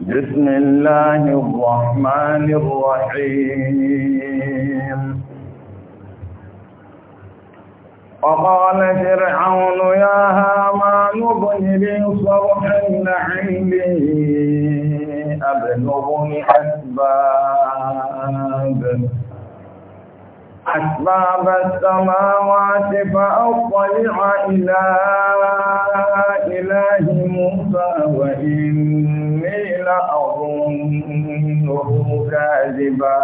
بسم الله الرحمن الرحيم وقال فرعون يا هامان ابن لي صرحا لعلي أبلغني أسباب أسباب السماوات فأطلع إلى إله موسى وإني لأظنه كاذبا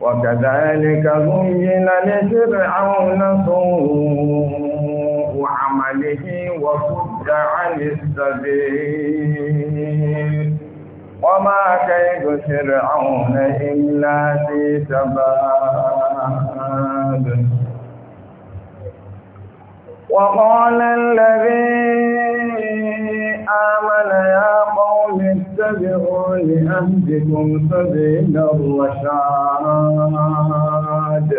وكذلك زين لفرعون سوء عمله وصد عن السبيل وما كيد فرعون إلا في تباب وقال الذي آمن يا قوم اتبعوا لأهدكم سبيل الرشاد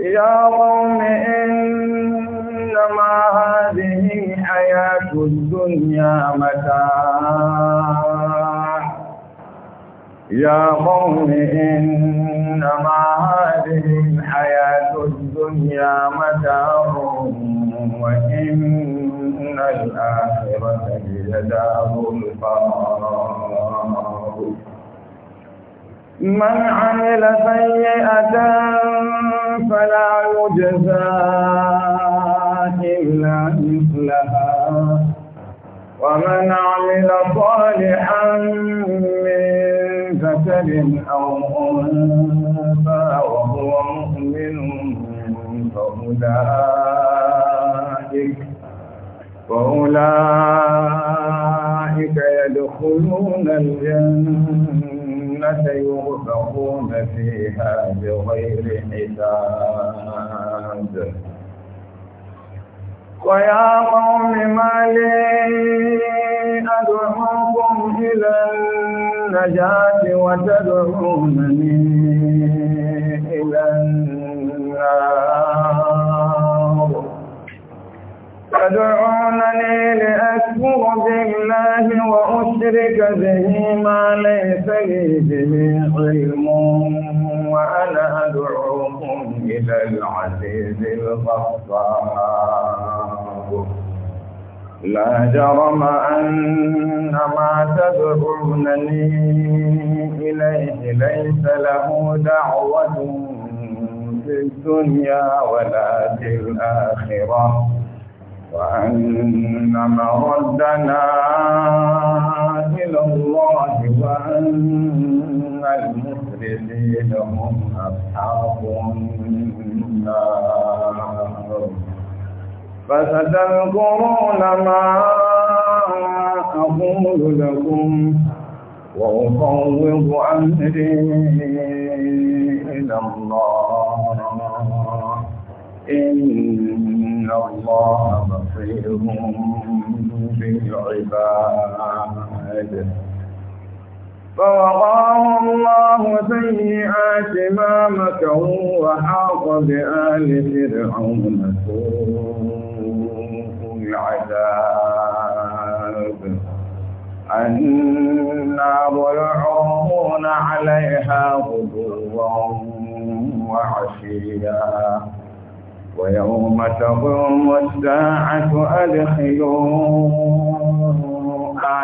يا قوم إن إنما هذه حياة الدنيا متاع يا قوم إنما هذه الحياة الدنيا متاع وإن الآخرة هي دار القرار من عمل سيئة فلا يجزى إلا مثلها ومن عمل صالحا من ذكر أو أنثى وهو مؤمن فأولئك فأولئك يدخلون الجنة سيرزقون فيها بغير حساب ويا قوم ما لي أدعوكم إلى النجاة وتدعونني تدعونني لأكفر بالله وأشرك به ما ليس لي به علم وأنا أدعوكم إلى العزيز الغفار لا جرم أن ما تدعونني إليه ليس له دعوة في الدنيا ولا في الآخرة وأن مردنا إلى الله وأن المسرفين هم أصحاب النار فستذكرون ما أقول لكم وأفوض أمري إلى الله إن إن الله بصير بالعباد فوقاه الله سيئات ما مكروا وحاق بآل فرعون سوء العذاب النار يعرضون عليها غدوا وعشيا ويوم تقوم الساعة أدخلوا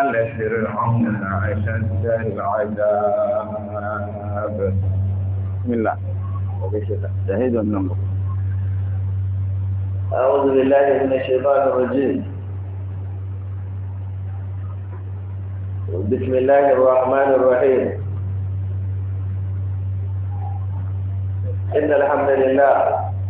آل فرعون أشد العذاب بسم الله شهيد النمر أعوذ بالله من الشيطان الرجيم بسم الله الرحمن الرحيم إن الحمد لله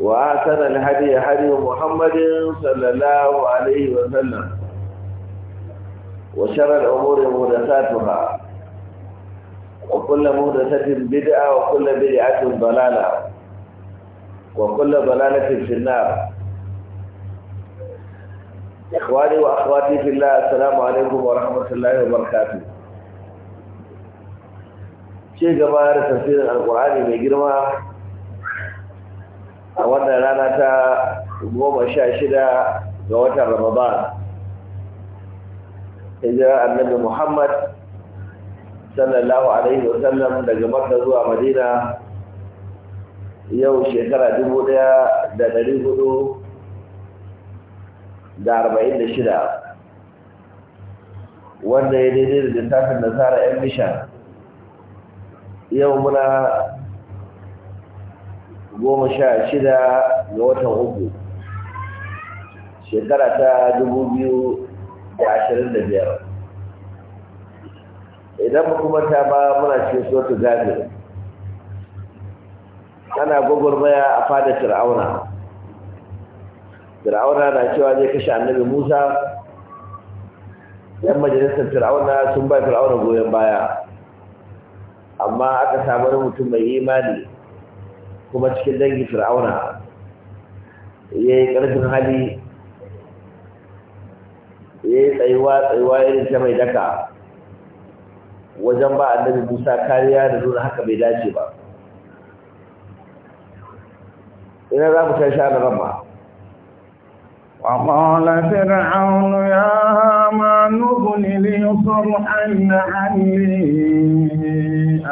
وآثر الهدي هدي محمد صلى الله عليه وسلم وشر الأمور مهدساتها وكل مهدسة بدعة وكل بدعة ضلالة وكل ضلالة في النار إخواني وأخواتي في الله السلام عليكم ورحمة الله وبركاته شيء جماعة تفسير القرآن من جرمه a wannan rana ta goma sha shida ga watan ramadan hijira annabi muhammad sallallahu alaihi wa sallam daga makka zuwa madina yau shekara dubu daya da dari hudu da arba'in da shida wanda ya daidai da littafin nasara yan mishan yau muna goma sha shida ga watan uku shekara ta dubu biyu da ashirin da biyar idan kuma ta ba muna cikin sotu gabir ana gwagwarmaya a fadar fir'auna fir'auna na cewa zai kashe annabi musa yan majalisar fir'auna sun ba fir'auna goyon baya amma aka samu mutum mai imani kuma cikin dangin fir'auna ya yi ƙarfin hali ya yi tsayuwa tsayuwa irin ta mai daka wajen ba annabi musa kariya da nuna haka bai dace ba ina za mu sha sha ya ramma وقال فرعون يا هامان ابن لي صرحا لعلي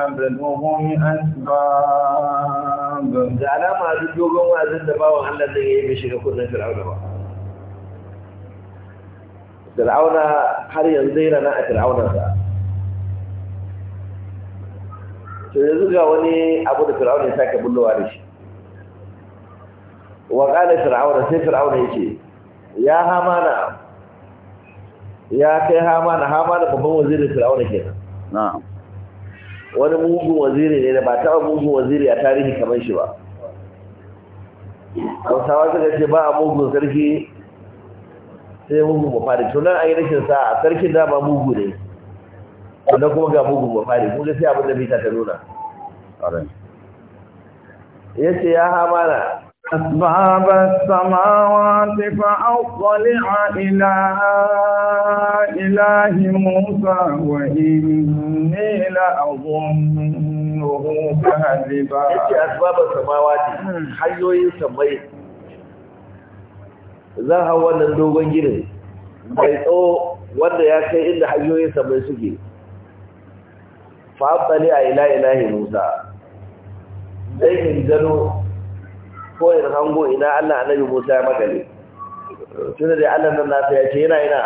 أبلغ الأسباب Da alama duk dogon wazin da bawan Allah zai yi mai shiga kudin fir'auna ba fir'auna har yanzu yana na a fir'aunan sa to yanzu ga wani abu da fir'auna ya sake bullowa da shi wa qala fir'auna sai fir'auna yake ya hamana ya kai hamana hamana babban wazirin fir'auna kenan na'am wani mugun waziri ne da ba taɓa mugun waziri a tarihi kamar shi ba hausawa suka ce ba a mugun sarki sai mugun mafari nan a yi rashin sa'a sarkin ba mugu ne wanda kuma ga mugun mafari kuma sai abin da bita ta nuna ya ce ya hamana أسباب السماوات فأطلع إلى إله موسى وإني لأظنه كاذبا أسباب السماوات حيو يسمي za a wannan dogon ginin mai tsawo wanda ya kai inda hanyoyin samai suke fa'abtali a ila musa don gano ko ya hango ina Allah annabi Musa ya magale tun da Allah nan na ya ce yana ina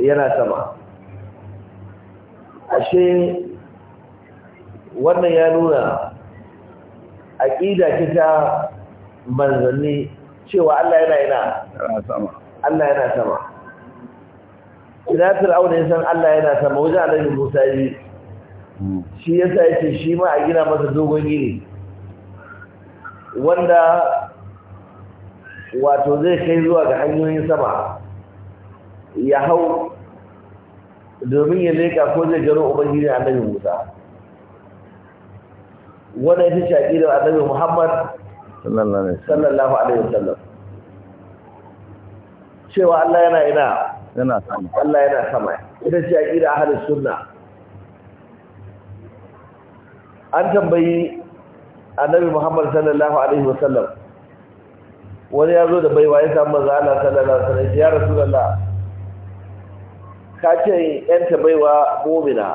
yana sama ashe wannan ya nuna aqida kita manzanni cewa Allah yana ina sama Allah yana sama ina fir'auna ya san Allah yana sama wajen annabi Musa yi hmm. shi yasa yace shi ma a gina masa dogon gini wanda wato zai kai zuwa ga hanyoyin sama ya hau domin ya leka ko zai jaro ubangiji nan Musa ya ita ce da annabi Muhammad sallallahu alaihi wasallam cewa Allah yana ina yana sama Allah yana sama ita ce da ahlus sunna an tambayi annabi muhammad sallallahu alaihi wasallam wani ya zo da baiwa ya samu manzo Allah sallallahu alaihi wasallam ya rasulullah ka ce yanta baiwa mu'mina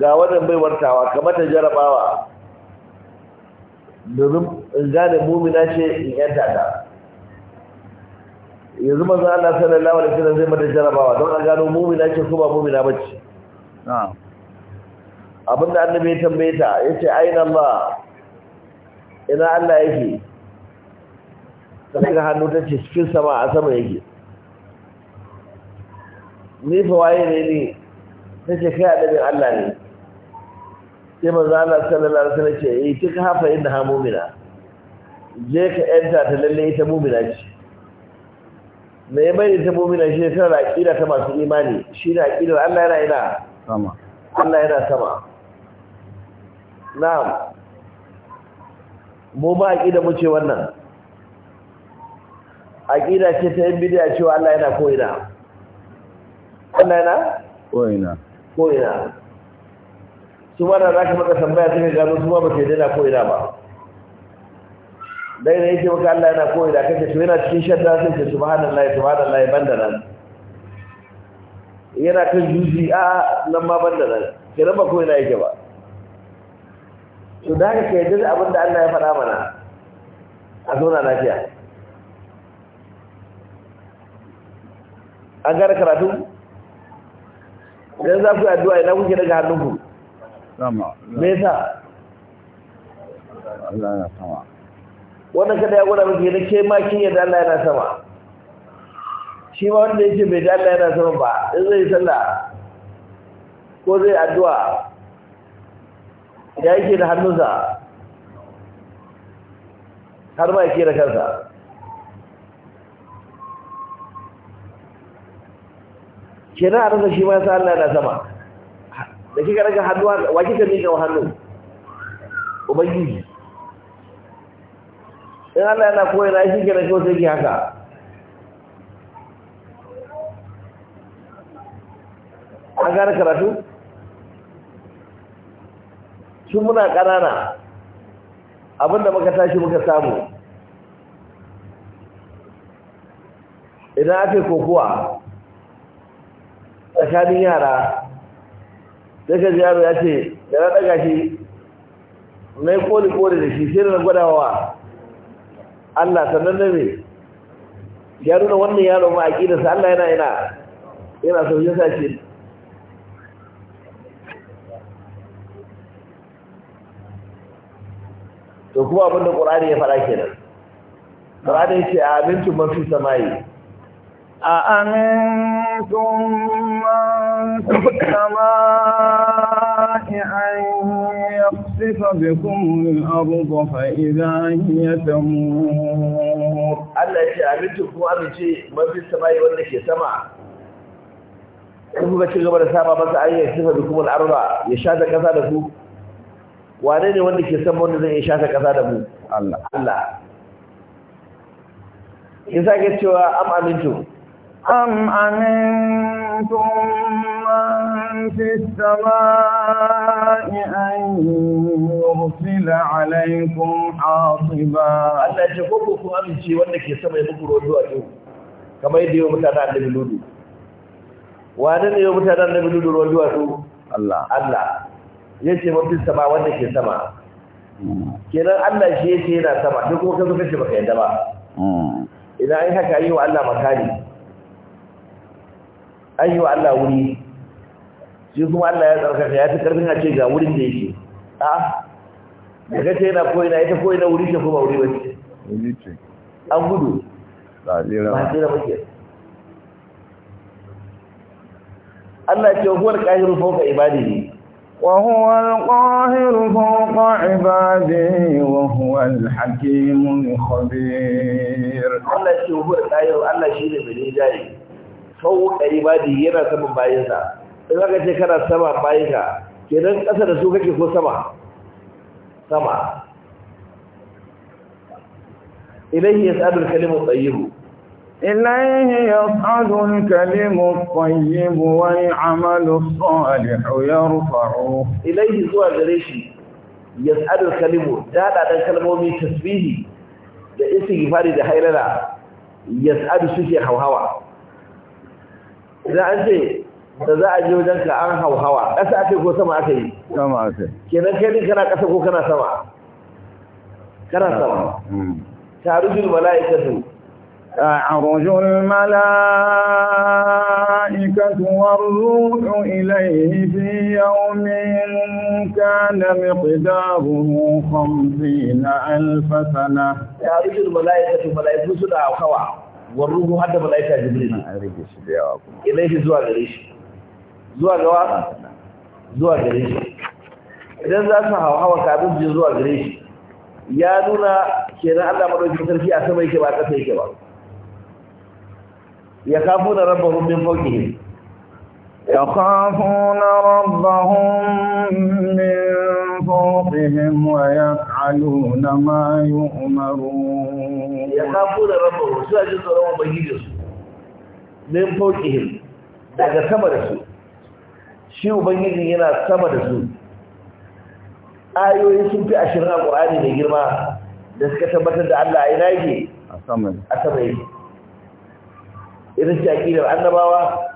ga wannan baiwar tawa kamar ta jarabawa domin in gane mu'mina ce in yanta ta yanzu manzo Allah sallallahu alaihi wasallam zai mata jarabawa don a gano mu'mina ce ko ba mu'mina bace na'am abinda annabi ya tambaye ta yace aina Allah ina Allah yake ta daga hannu ta ce cikin sama a sama yake ni fa waye ne ni ta ce kai annabin Allah ne sai manzo Allah sallallahu alaihi wasallam ce eh kika hafa inda ha mu'mina je ka yanta ta lalle ita mu'mina ce me ya bai ta mu'mina shi ta aqida ta masu imani shi ne aqidar Allah yana ina sama Allah yana sama na'am mu ma aqida mu ce wannan aqida ce ta yin bidiya cewa Allah yana koyi ina Allah yana koyi na, su ma da zaka maka tambaya sai ka gano su ma ba sai dana koyi ina ba dai ne yake maka Allah yana koyi ina kace to yana cikin shadda sai ce subhanallahi subhanallahi banda nan yana kan juzi a nan ma banda nan kira ba koyi na yake ba to da haka ka duk abin da Allah ya faɗa mana a na lafiya an gane karatu idan za ku yi addu'a ina kuke daga hannunku me yasa Allah yana sama wannan kada ya gwada miki ne ke ma kin yadda Allah yana sama shi ma wanda yake bai da Allah yana sama ba in zai sallah ko zai addu'a ya yake da hannunsa har ma yake da kansa kenan a rasa shi ma ya sa Allah na sama da kika daga hannu wa kika ne wa hannu ubangiji in Allah yana koyar na shi da kawai sai ki haka an gane karatu su muna ƙanana abinda muka tashi muka samu idan ake kokowa tsakanin yara sai ka ji yaro ya ce da na ɗaga shi na yi koli-koli da shi sai na gwadawa Allah sannan na ne ya nuna wannan yaro ma a ƙidarsa Allah yana yana yana sau yasa to kuma abin da qur'ani ya fara kenan ya ce a abincin mafi samayi. a amintum man fi samai an yaqsifa bikum al-ardh fa ya hiya Allah ce a ko amince abinci fi samayi wanda ke sama kuma kuka ci gaba da sama, masa ayyar sifa da kuma al'arba ya sha da kasa da ku wane ne wanda ke san wanda zai shafe kasa da mu Allah Allah in sake cewa am amintu am amintu man fi samai an yursila alaykum hasiba Allah ya ce ko ku amince wanda ke sama ya muku rodo a kamar yadda yau mutanen annabi ludu wane ne yau mutanen annabi ludu rodo Allah Allah yace mafi sama wanda ke sama kenan Allah shi ce yana sama duk kuma kazo kace baka yadda ba idan ai haka yi wa Allah makani ai wa Allah wuri shi kuma Allah ya tsarkaka ya fi karfin a ce ga wurin da yake a daga ce yana koyina ita koyina wuri ce kuma wuri bace an gudu muke Allah ce huwar kahiru fauka ibadihi وهو القاهر فوق عباده وهو الحكيم الخبير الله شهور القاهر الله شيء بني جاي فوق عباده yana saman bayansa in aka ce kana sama bayanka kenan ƙasa da su kake ko sama sama ilayhi yas'alul kalimu tayyibu إليه يصعد الكلم الطيب والعمل الصالح يرفعه إليه هو جريشي يسأل الكلم على الكلم من تسبيه دا استغفاري دا حيلنا يسأل سوكي حوهوا إذا أنت تزاع za a je wajen ka an أكي ƙasa ake ko sama aka كنا sama كنا yi كنا kai din kana ƙasa ko تعرج الملائكة والروح إليه في يوم كان مقداره خمسين ألف سنة تعرج الملائكة ملائكة سنة وخوى والروح حتى ملائكة جبريل إليه زوى غريش زوى غوى زوى غريش إذا ذا سحى وحوى كابوس زوى غريش ya nuna kenan Allah madaukakin sarki a sama yake ba ƙasa yake ba يخافون ربهم من فوقهم يخافون ربهم من فوقهم ويفعلون ما يؤمرون يخافون ربهم سواجد ربهم بجيجس من فوقهم daga sama da su shi ubangiji yana sama da su ayoyi sun fi ashirin a ƙur'ani mai girma da suka tabbatar da Allah ina yake a sama idan shi aƙidar annabawa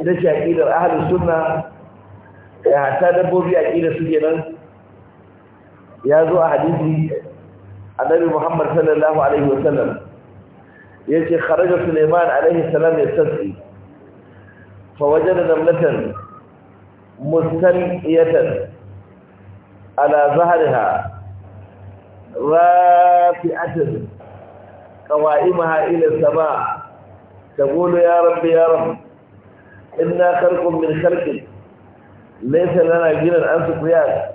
idan shi aƙidar ahalin sunna ya hata dabbobi aƙidar su kenan ya zo a hadisi annabi muhammad sallallahu alaihi wasallam ya ce kharaja suleiman alaihi salam ya sassi fawajen da namlatan mustaniyatan ala zahariha rafi'atin قوائمها إلى السماء تقول يا رب يا رب إنا خلق من خلقك ليس لنا جيلا عن سقياك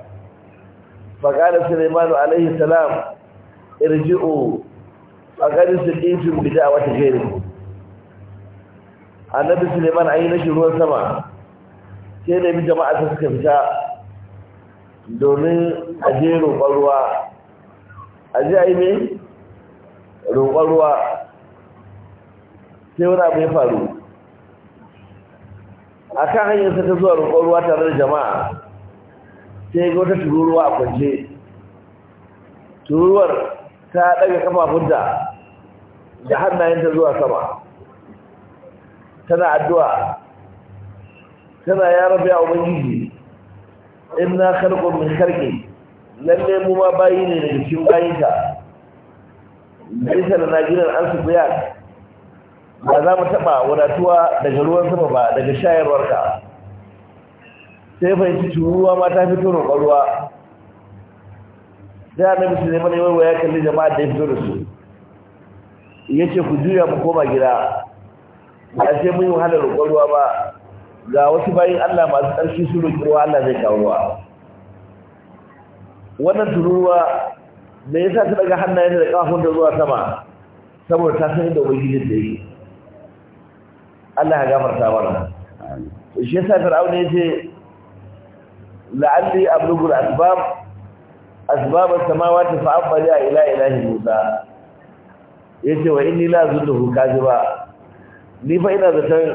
فقال a عليه السلام ارجعوا فقد سقيتم بدعوة غيركم annabi suleiman an yi na ruwan sama sai nemi jama'a ta suka fita domin a je roƙon ruwa a je a yi mai roƙon ruwa sai wani abu ya faru a kan hanyar sa ta zuwa roƙon ruwa tare da jama'a sai ga wata tururuwa a kwance tururuwar ta ɗaga kafafunta da hannayenta zuwa sama tana addu'a tana ya rabu ya ubangiji na karkon min karki lalle mu ma bayi ne daga cikin bayinka bisa da najiran an su biya ba za mu taɓa wadatuwa daga ruwan sama ba daga shayarwarka sai fahimci ruwa ma ta fito roƙon ruwa sai annabi su neman yawan ya kalli jama'a da ya fito da su ya ce ku juya mu koma gida ba sai mun yi wahalar ruwa ba ga wasu bayan allah masu ƙarfi su ruwa allah zai kawo ruwa wannan tururuwa me yasa ta daga hannayen da ƙafafun da zuwa sama saboda ta san inda ubangiji da yake Allah ya gafarta mana shi yasa ya yace la'alli ablughul asbab asbab as-samawati fa ila ilahi musa yace wa inni la zunduhu kaziba ni fa ina zaton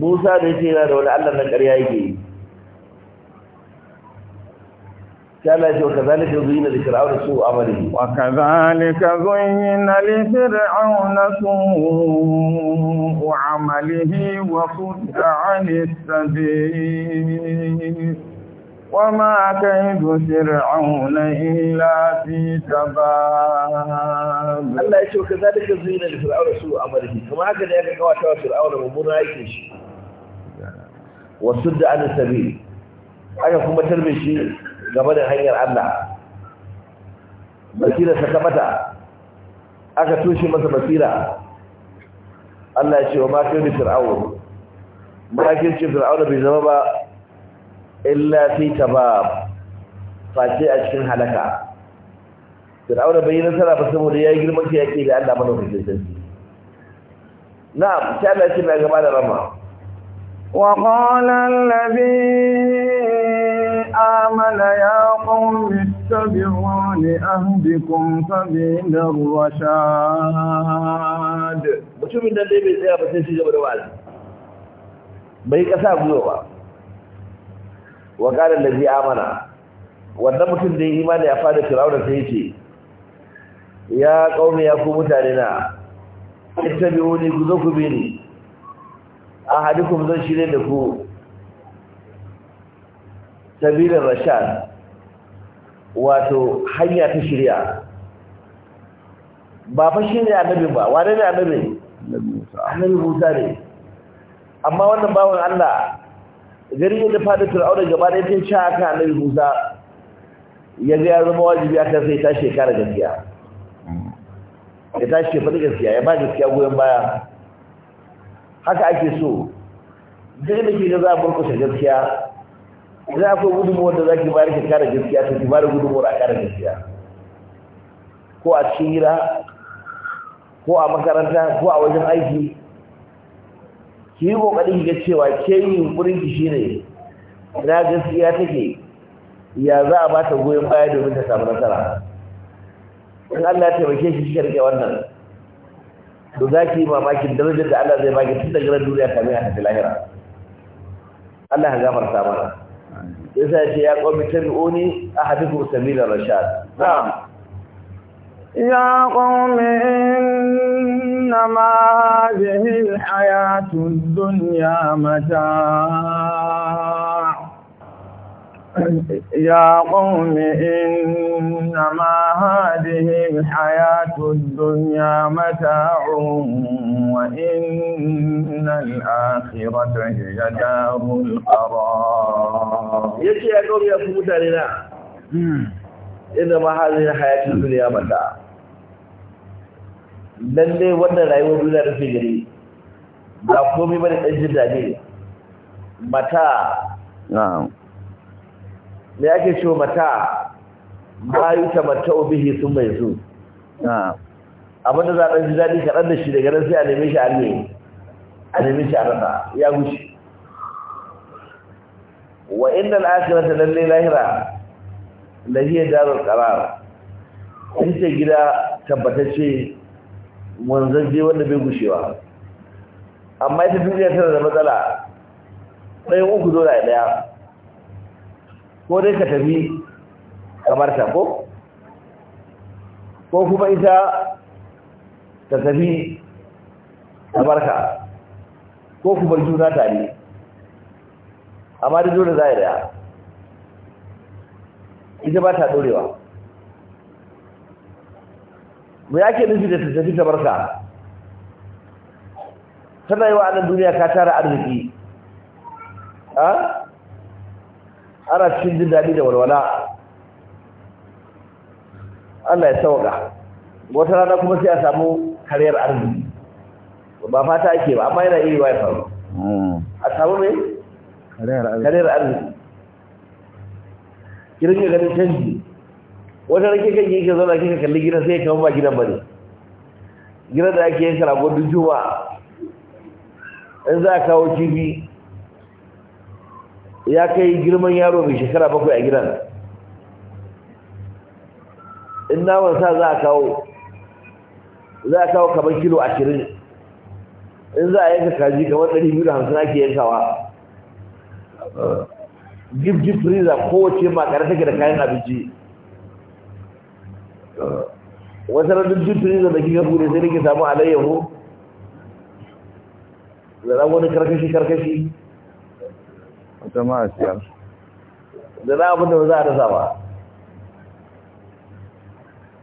musa da yace yana da wani Allah na ƙarya yake yi وكذلك زين لفرعون سوء عمله وكذلك زين لفرعون سوء عمله وصد عن السبيل وما كيد فرعون إلا في تباب الله يشوف كذلك زين لفرعون سوء عمله كما هكذا يكون كواتا فرعون ممنا يكيش وصد عن السبيل أيها كما ترمي شيء game da hanyar Allah basira ta tabata aka tushe masa basira Allah ya ce wa makin fir'aun makin ce fir'aun bai zama ba illa fi tabab face a cikin halaka fir'aun bai yi nasara ba saboda ya yi girman kai yake da Allah madaukakin sarki na'am sai Allah ya ce mai gaba da rama وقال الذي آمن يا قوم اتبعون أهدكم سبيل الرشاد mutumin nan dai bai tsaya ba sai shi da wala bai kasa ba wa qala allazi amana wannan mutum da ya imani ya fada firawuna sai yace ya qaumi ya ku mutane na ittabi'uni ku zo ku bi ni ahadukum zan shirye da ku sabilin rashad wato hanya ta shirya ba fa shi ne annabi ba wane ne annabi annabi musa ne amma wannan bawan allah gari yadda fadin fir'auna gaba da yake ci haka annabi musa ya ga ya zama wajibi aka sai ta shekara gaskiya ya tashi ke faɗi gaskiya ya ba gaskiya goyon baya haka ake so duk da ke ga za a burkusa gaskiya idan akwai gudunmuwar da za ki bayar ka kara gaskiya ta ki bada gudunmuwar a kare gaskiya ko a tsira ko a makaranta ko a wajen aiki ki yi kokarin ki ga cewa ke yi yunkurin ki shine Na gaskiya take ya za a bata goyon baya domin ta samu nasara in Allah ya taimake shi shi karke wannan to za ki yi mamakin darajar da Allah zai baki tun daga duniya kamar a tafi lahira Allah ya gafarta mana ya sa ya ƙwami tabi'uni a hadifu samirar rashad ya ƙwami inna ma hajjihin hayatun duniya mata يا قوم إنما هذه الحياة الدنيا متاع وإن الآخرة هي دار القرار يجي يا قوم يا فمتاننا إنما هذه الحياة الدنيا متاع lalle wannan rayuwar بلا رفقري ke gari ba komai bane ɗan jin me ake ce mata bayu ta mata ubihi sun mai zu abinda za a ji daɗi kaɗan da shi daga nan sai a neme shi a ne a neme shi a rana ya gushi wa inda al'akira ta lalle lahira lahiyar darar karar ita gida tabbatacce wanzanje wanda bai gushewa amma ita duniya tana da matsala ɗayan uku dole a ɗaya ko dai ka tafi kamar ta ko ko kuma ita ta tafi kamar ka ko kuma juna tare amma da dole za a daya ita ba ta dorewa mu ke nufi da ta tafi kamar ka tana yi wa annan duniya ka tara arziki ana cikin jin daɗi da walwala Allah ya sauka wata rana kuma sai a samu kariyar arziki ba fata ake ba amma yana iri wa ya faru hmm. a samu mai Kariyar arziki ki rike ganin canji wata rake kan yi ka zauna kika kalli gidan sai kama ba gidan bane gidan da ake yanka rago duk juma'a in za a kawo kifi ya kai girman yaro mai shekara bakwai a gidan in naman sa za a kawo za a kawo kamar kilo ashirin in za a yanka kaji kamar ɗari biyu da hamsin ake yankawa Gif gif freezer kowace makare take da kayan abinci wasu ranar gif freezer da kika kure sai nake samu alayyahu da ɗan wani karkashi karkashi ta ma a siyar da za abin da ba za a rasa ba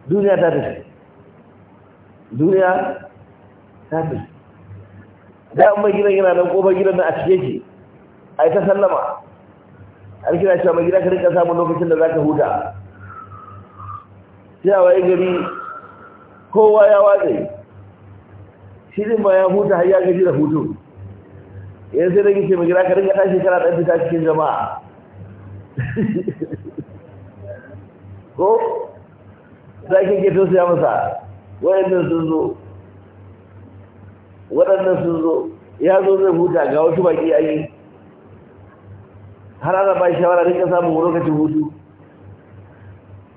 duniya ta tafi duniya ta tafi da an mai gidan yana nan kofar gidan na a cike ki a yi ta sallama an kira cewa mai gida ka rika samun lokacin da za ka huta sai a waye gari kowa ya watsa shi ba ya huta har ya gaji da hutu yanzu sai rage ce mai gida ka dinga tashi kana ɗan fita cikin jama'a ko za ki ke tosiya masa waɗannan sun zo waɗannan sun zo ya zo zai huta ga wasu baki a yi har ana ba shawara rinka samun lokacin hutu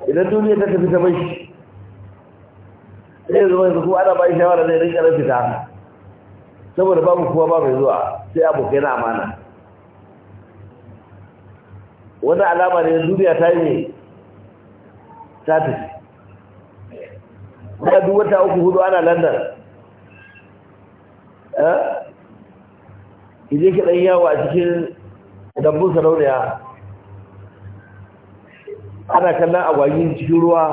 idan duniya ta tafi ta bashi sai zama yanzu kuma ana ba shawara zai rinka fita saboda babu kuwa ba mai zuwa sai abokai na amana wani alama ne duniya ta yi ta tafi kuma duk wata uku hudu ana london eh ije ki dan yawo a cikin dambun sarauniya ana kallon agwagin cikin ruwa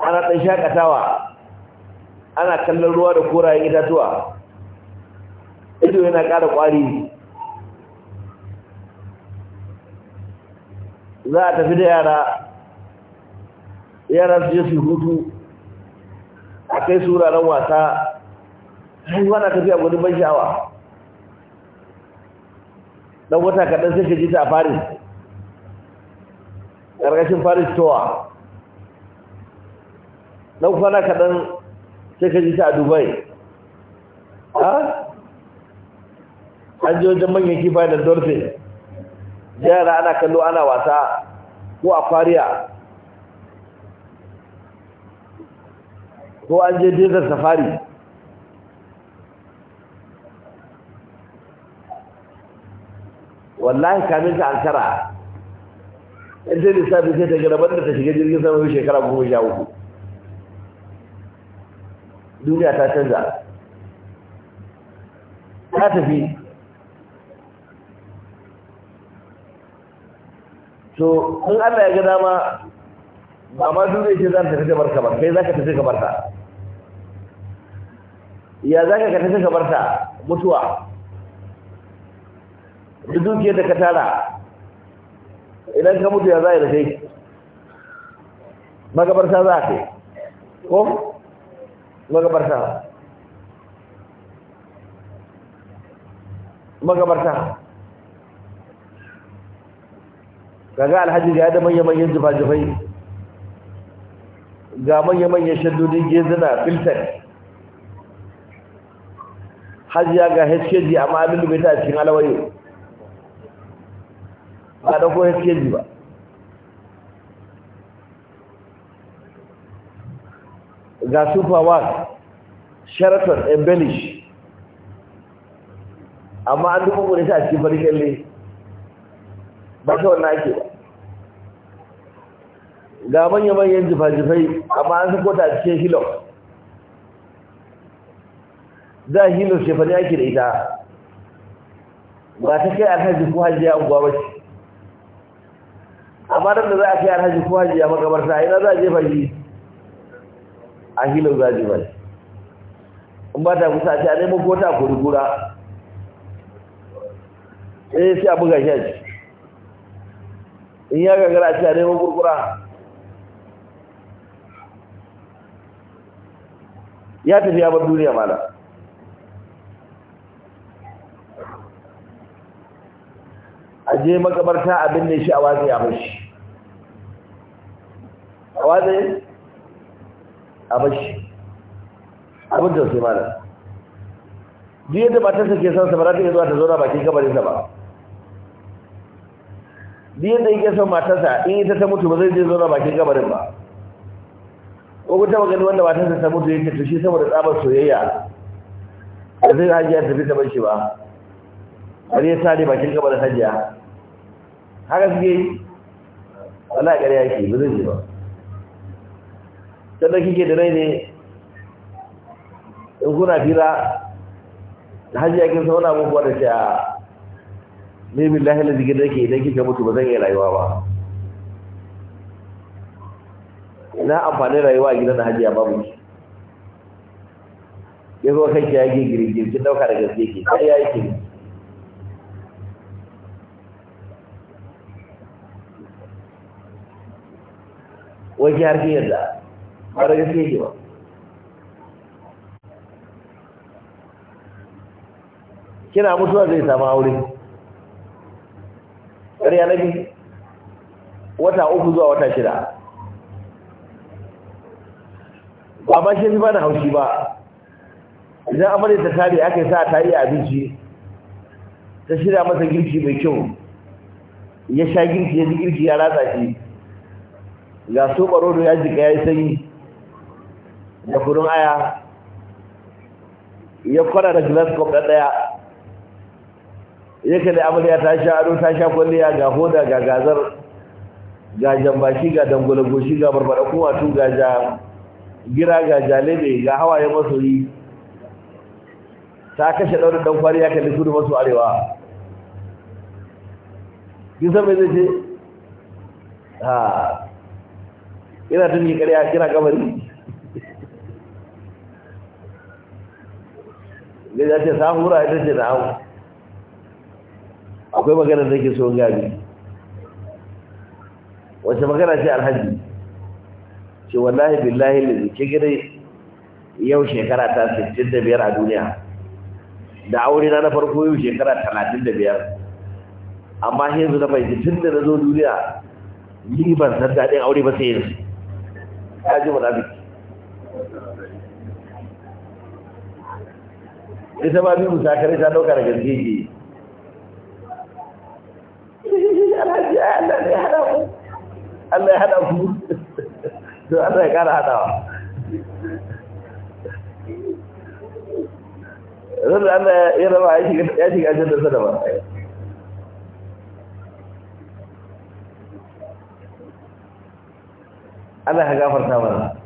ana ɗan shakatawa ana kallon ruwa da korayen itatuwa ido yana ƙara ƙwari za a tafi da yara yara su je su hutu a kai su wuraren wasa haihuwa na tafiya gudun ban sha'awa ɗan wata kaɗan sai ka ji ta a paris ƙarƙashin paris towa ɗan kwana kaɗan sai ka ji ta a dubai ha an ji wajen manyan kifa da dolphin yara ana kallo ana wasa ko a fariya ko an je desert safari wallahi kamin ta ankara in sai lissafi sai ta gina banda ta shiga jirgin sama shekara goma sha uku duniya ta canza ta tafi to in Allah ya ga dama ba ma duniya ce za ta tafi kamar ba, kai za ka tafi kamar ta ya za ka tafi kamar ta mutuwa Duk dukiyar da ka tara idan ka mutu ya za da kai magabarta za ka yi ko magabarta magabarta kaga alhaji ga da manya-manyan jifa-jifai ga manya-manyan shaddodin gezina filtar ya ga hkg amma abin da bai ta cikin alawayo ba ɗauko hkg ba ga supermark sheraton embellish amma an duk kuma shi a cikin farin kyalle ba ta wannan ake ba ga manya-manyan jifa-jifai amma an ko ta a cikin hillock za a hillock shefani ake da ita ba ta kai alhaji ko hajiya unguwa ba ce amma da za a kai alhaji ko hajiya makabarta ina za a jefa shi an hilo zaji ba in ba ta kusa ce a nemo ta a kurkura eh sai a buga shi in ya gagara ce a nemo kurkura ya tafi ya bar duniya mala a je makabarta abin da shi a wazi a mashi a wazi a bashi abin da sai malam duk yadda matarsa ke son sa ba ta zuwa ta zauna bakin kabarinsa ba duk yadda yake son matarsa in ita ta mutu ba zai zai zauna bakin kabarin ba ko ta magani gani wanda matarsa ta mutu yake tushe saboda tsabar soyayya da zai hajiya ta fi taɓa shi ba har ya sare bakin kabarin hajiya haka suke yi wala ƙarya ke ba zai je ba sannan kike da rai ne in kuna fira da hajji ya kin sauna abubuwa da shi ta ne min jikin da ke idan kika mutu ba zan iya rayuwa ba ina amfanin rayuwa a gidan da hajji ya babu shi ya zo kai ki yake girgir kin dauka da gaske ke sai ya yake wai ki har ki yadda kina mutuwa zai samu aure ƙarya na nabi? wata uku zuwa wata shida ba ma shi ba da haushi ba idan amarya ta tare aka yi sa ta yi abinci ta shirya masa girki mai kyau ya sha girki ya ji girki ya ratsa shi ga so ɓaro ya jika ya yi sanyi da kudin aya ya kwada da glass cup da daya ya kalli ta sha ado ta sha kwalliya ga hoda ga gazar ga jambaki ga goshi ga barbada tu ga ja gira ga jalebe ga hawaye masoyi ta kashe ɗaurin ɗan kwari ya kalli kudu masu arewa kisa mai zai ce ha ina tun yi ƙarya kira kamari sai ya ce sahura ita ce na hau akwai magana da ke so gabi wacce magana ce alhaji ce wallahi billahi lizu ke gidai yau shekara ta 65 a duniya da aure na na farko yau shekara 35 amma yanzu na mai jikin da na zo duniya yi ban san daɗin aure ba sai yanzu ya ji munafiki ita ba bi musakare ta dauka da gaske ke Allah ya ku to Allah ya Zan Allah ya raba ya shiga ajiyar da Allah ya gafarta mana.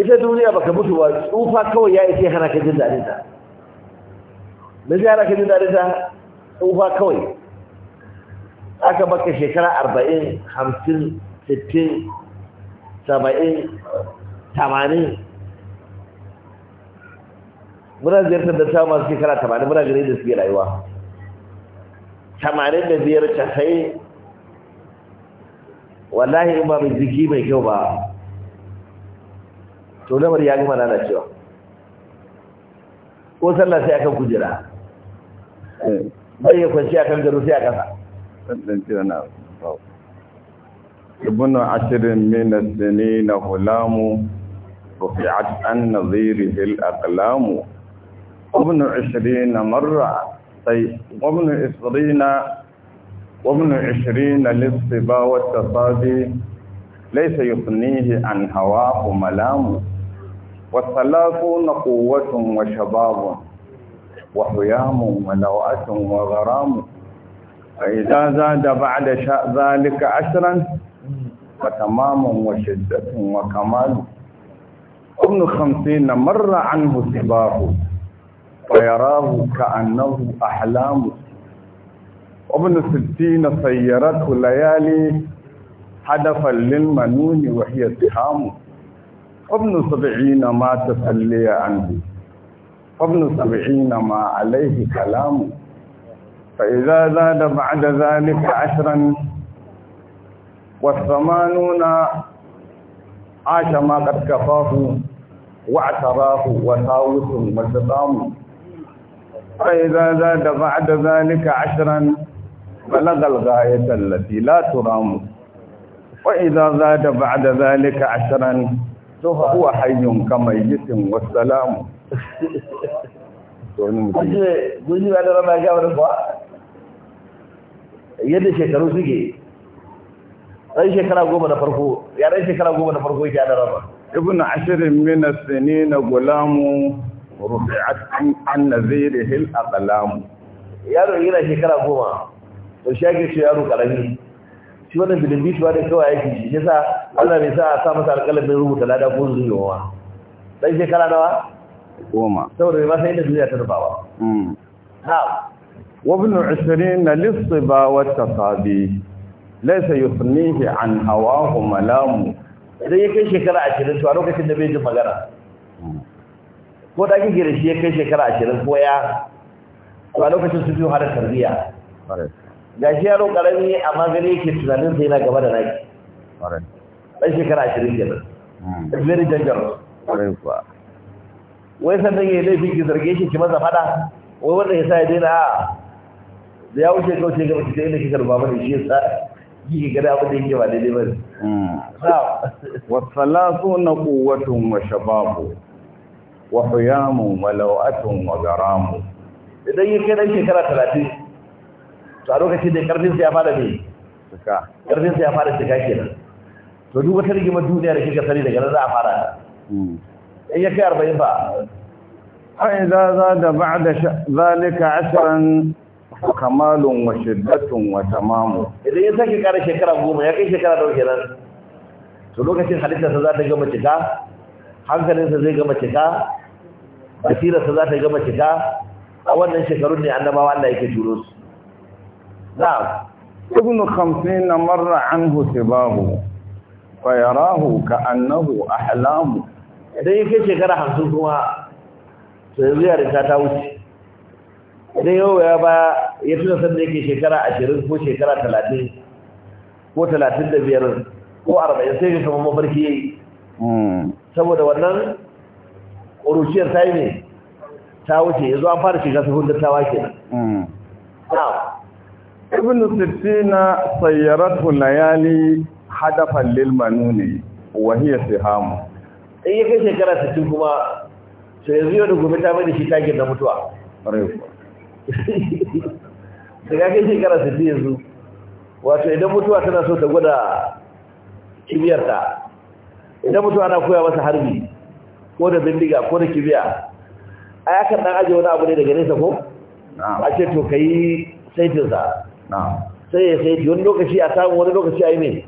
ita duniya baka mutu ba tsufa kawai ya ita hana ka jin daɗin ta me zai hana ka jin daɗin ta tsufa kawai aka baka shekara arba'in hamsin sittin saba'in tamanin muna ziyartar da samu masu shekara tamanin muna gani da suke rayuwa tamanin da biyar casai wallahi in ba mai jiki mai kyau ba to lamar ya gama lalacewa ko sallah sai akan kujera bai ya kwanci akan garo sai a kasa ibn ashirin min as-sinina hulamu rufi'at an nadhiri fil aqlamu ibn 20 marra sai ibn 20 وابن عشرين للصبا والتصادي ليس an hawa هواه malamu. والثلاثون قوة وشباب وحيام ولوعة وغرام فإذا زاد بعد ذلك عشرا فتمام وشدة وكمال ابن خمسين مر عنه سباه فيراه كأنه أحلام ابن ستين سيرته ليالي هدفا للمنون وهي سهام ibn sab'ina ma tasalliya anhu ibn sab'ina ma alayhi kalamu fa idza zada ba'da zalika ashran wa thamanuna asha ma qad kafahu wa atarahu wa tawusun wa tadamu zalika بلغ الغاية التي لا ترام وإذا زاد بعد ذلك عشرا huwa hayyun kama yi wassalamu kace guji ba da rama ga wani ba yadda shekaru suke ɗan shekara goma da farko ya ɗan shekara goma da farko yake da rama ibn ashirin min as-sinin gulamu rufi'at an nazirihi al-aqlam yaro yana shekara goma to shi ake ce yaro karami shi wannan bilimbishi ba da kawai aiki shi yasa Allah bai sa a sa masa alƙalamin rubuta lada ko zuwa dan shekara nawa goma saboda ba sai da duniya ta rufa ba ha mm. wa ibn usrin lis-siba wa tasabi laysa yughnihi an hawahu malamu idan ya kai shekara 20 to a lokacin da bai ji magana mm. ko da kike da shi ya kai shekara 20 ko ya to a lokacin su biyu har tarbiya ga shi yaro karami amma gani yake tunanin sai na gaba da naki ɗan shekara ashirin kenan hmm. very dangerous wai san da yi laifin ki zarge shi ki maza fada wai wanda ya sa ya daina a ah, da ya wuce kauce ga mutum inda kika ruba da shi yasa kike gada abin da yake ba daidai ba hmm. wa salatu na quwwatun wa shababu wa huyamu wa law'atun wa garamu idan yake dan shekara talatin. to a lokacin da karfin sai ya fara ne suka karfin sai ya fara cika kenan to duk wata rigimar duniya da kika sani daga nan za a fara hmm. in ya kai arba'in ba Kamalun wa shiddatun wa عشرا فكمال Idan وتمام kare shekara goma ya kai shekara شكرا دو كنان to lokacin halittarsa za ta gama cika hankalinsa zai gama cika basirarsa za ta gama cika a wannan shekarun ne annabawa Allah yake turo su الكذاب ابن خمسين مر عنه سباه فيراه كأنه أحلام إذا يكي شكرا حمسون كما سيزيا رساتا وشي إذا يو يابا يتنا سنجيكي شكرا عشرين كو شكرا ثلاثين ko talatin da biyar ko arba'in sai ka kama mafarki yayi saboda wannan ƙuruciyar ta yi ne ta wuce yanzu an fara shiga sahun dattawa ke ibn sittina sayyaratu layali hadafan lil manuni wa hiya sihamu in ya kai shekara 60 kuma sai yanzu yau da gobe ta bada shi tagin na mutuwa da ya kai shekara 60 yanzu wato idan mutuwa tana so ta gwada kibiyarta idan mutuwa na koya masa harbi ko da bindiga ko da kibiya a yakan dan aje wani abu ne daga nesa ko a ce to kai saitinsa sai ya sai wani lokaci a samu wani lokaci a yi mai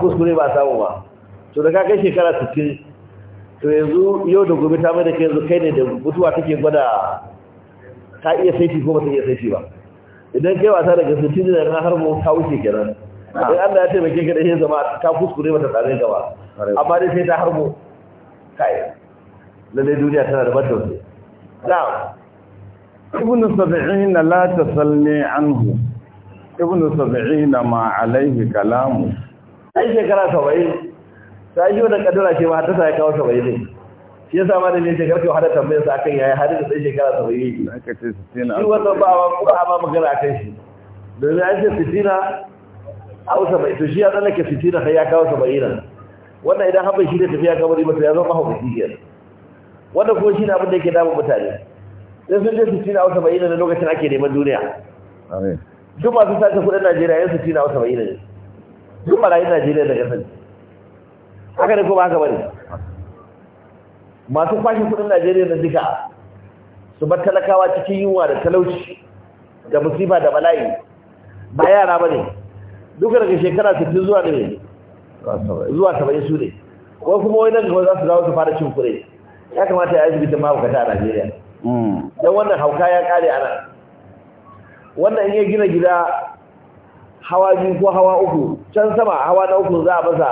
kuskure ba samu ba to da ka kai shekara 60 to yanzu yau da gobe ta mai da yanzu kai ne da mutuwa take gwada ta iya saifi ko ba ta iya saifi ba idan kai wasa daga 60 da na har mu ta wuce kenan in Allah ya taimake ka da yin zama ta kuskure mata tsare gaba amma dai sai ta harbo kai lalle duniya tana da batausi na'am ibn sabi'in la tasalli anhu ibnu sab'ina ma alaihi kalamu sai shekara 70 sai yau da kadura ce ba ta sai kawo 70 ne shi yasa ma da ne shekara kai hada tambaya sa akan yayi hadin sai shekara 70 aka ce 60 shi wannan ba wa ku ha ba magana akan shi domin an ce 60 au 70 to shi ya ke 60 sai ya kawo 70 wannan idan haba shi da tafiya kamar masa ya zo zama hau kusuriyar wanda ko shi na abin da yake damun mutane sai sun je 60 au 70 bayyana na lokacin ake neman duniya amin duk masu sace kudin najeriya na wasu a da ne duk marayun najeriya daga sani haka ne ko ba haka bane masu kwashe kudin najeriya na duka su bar talakawa cikin yunwa da talauci da musiba da bala'i ba yara bane duka daga shekara sittin zuwa ne zuwa saba'in su ne ko kuma wani nan gaba za su dawo su fara cin kure ya kamata ya asibiti bitin bukata a najeriya hmm. don wannan hauka ya kare a nan wannan ya gina gida hawa biyu ko hawa uku can sama hawa na uku za a masa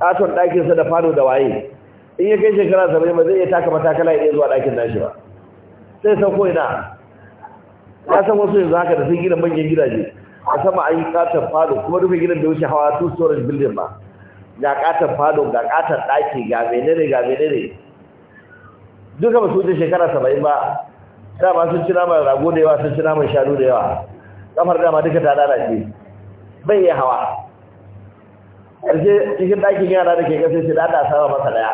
ɗakin ɗakinsa da fano da waye in ya kai shekara saba'in ba zai iya taka matakala ya zuwa ɗakin nashi ba sai san ko ina ya san wasu yanzu haka da sun gina manyan gidaje a sama an yi katon fado kuma rufe gidan da wuce hawa two storage building ba ga katon fado ga katon ɗaki ga menene ga menene duka ba su wuce shekara saba'in ba dama sun ci naman rago da yawa sun ci naman shanu da yawa kamar dama duka ta lalace bai yi hawa ƙarshe cikin ɗakin yara da ke ƙasa shi da aka sama masa ɗaya